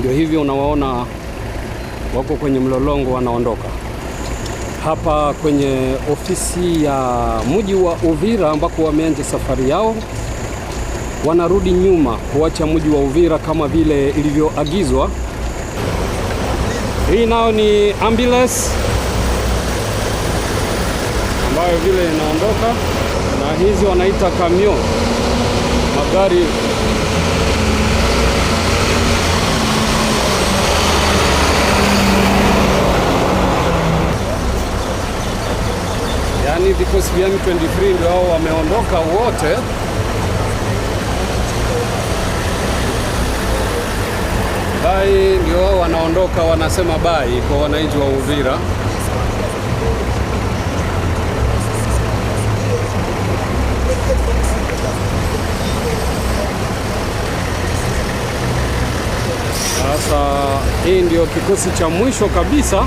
Ndio hivyo unawaona wako kwenye mlolongo wanaondoka hapa kwenye ofisi ya mji wa Uvira ambako wameanza safari yao, wanarudi nyuma kuacha mji wa Uvira kama vile ilivyoagizwa. Hii nayo ni ambulance ambayo vile inaondoka, na hizi wanaita kamio magari hii vikosi vya M23 ndio hao wameondoka wote. Bai ndio wao wanaondoka, wanasema bai kwa wananchi wa Uvira. Sasa hii ndio kikosi cha mwisho kabisa